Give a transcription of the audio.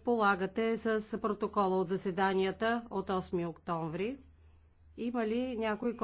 разполагате с протокола от заседанията от 8 октомври. Има ли някой,